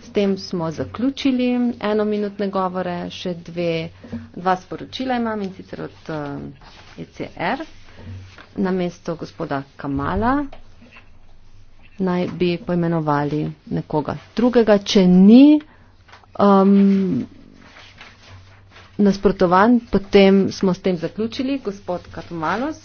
S tem smo zaključili eno minutne govore, še dve, dva sporočila imam in sicer od ECR. Eh, e Na mesto gospoda Kamala naj bi poimenovali nekoga drugega, če ni um, nasprotovan, potem smo s tem zaključili, gospod Katomalos.